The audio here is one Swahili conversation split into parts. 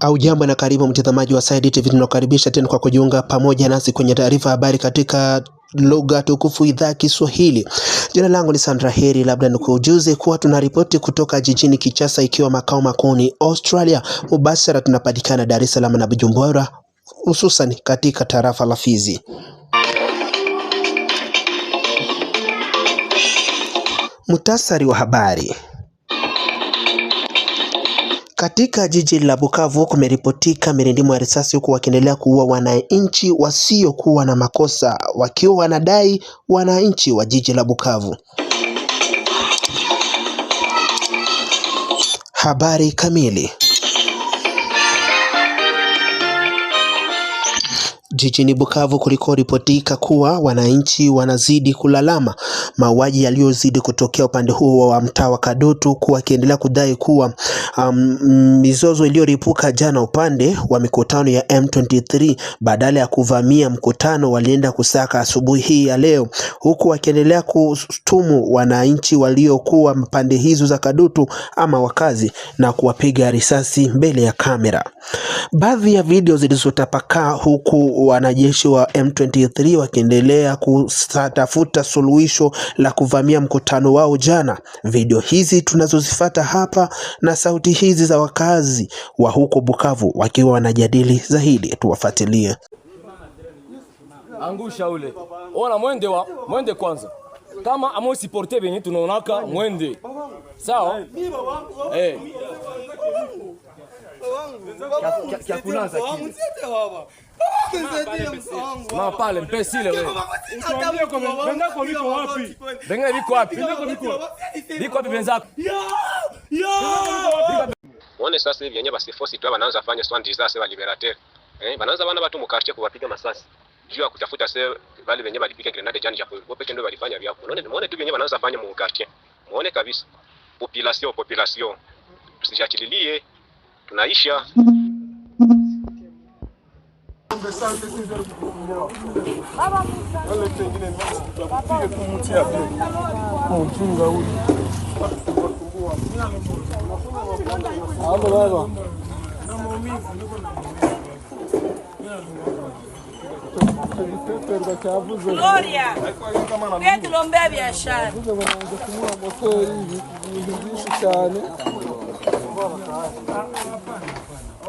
Au jambo na karibu mtazamaji wa Said TV, tunakukaribisha tena kwa kujiunga pamoja nasi kwenye taarifa habari katika lugha tukufu idhaa Kiswahili. Jina langu ni Sandra Heri. Labda nikujuze kuwa tunaripoti kutoka jijini Kichasa, ikiwa makao makuu ni Australia. Mubashara tunapatikana Dar es Salaam na Bujumbura, hususan katika tarafa la Fizi. Mutasari wa habari. Katika jiji la Bukavu kumeripotika mirindimo ya risasi huku wakiendelea kuua wananchi wasiokuwa na makosa wakiwa wanadai wananchi wa jiji la Bukavu. Habari kamili Jijini Bukavu kulikoripotika kuwa wananchi wanazidi kulalama mauaji yaliyozidi kutokea upande huo wa mtaa wa Kadutu, kuwa akiendelea kudai kuwa um, mizozo iliyoripuka jana upande wa mikutano ya M23 badala ya kuvamia mkutano walienda kusaka asubuhi hii ya leo, huku wakiendelea kustumu wananchi waliokuwa pande hizo za Kadutu ama wakazi na kuwapiga risasi mbele ya kamera. Baadhi ya video zilizotapakaa huku wanajeshi wa M23 wakiendelea kutafuta suluhisho la kuvamia mkutano wao jana. Video hizi tunazozifata hapa na sauti hizi za wakazi wa huko Bukavu wakiwa wanajadili zaidi, tuwafuatilie. Angusha ule ona, mwende wa mwende kwanza, kama amosiporte venye tunaonaka mwende sawa eh mwone sasa hivi yenyewe basi force tu wanaanza fanya swan disaster wa liberateur. Eh, wanaanza wana watu mukarche kuwapiga masasi. Juu ya kutafuta sasa wale wenye walipiga grenade jani hapo. Wao pekee ndio walifanya vya hapo. Unaona muone tu wenyewe wanaanza fanya mukarche. Muone kabisa. Population population. Tusijachililie. Tunaisha. Conversar com esse velho Olha que ingine Pige kumutia vile Mjinga huyu Hapo baba Na maumivu niko na Gloria, wewe tulombea biashara. Kuja bwana kumua moto hivi, ni hizi sana.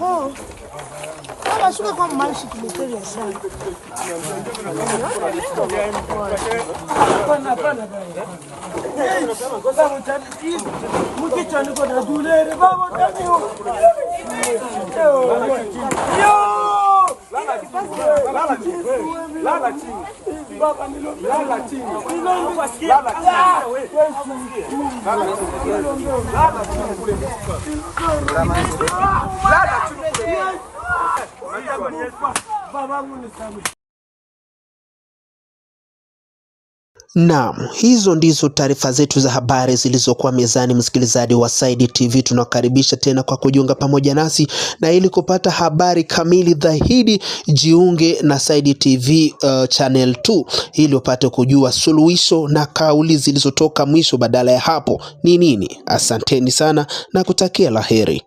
Oh. Olha, suka kwa maisha se sana. Hapana, hapana. Ngoja lala chini, lala chini, baba nilombe, lala chini, nilombe, lala chini, lala chini, lala chini kule, lala chini kule, babangu nisamehe. Naam, hizo ndizo taarifa zetu za habari zilizokuwa mezani. Msikilizaji wa Saidi TV, tunakaribisha tena kwa kujiunga pamoja nasi, na ili kupata habari kamili zaidi jiunge na Saidi TV uh, channel 2 ili upate kujua suluhisho na kauli zilizotoka mwisho. Badala ya hapo ni nini? Asanteni sana na kutakia laheri.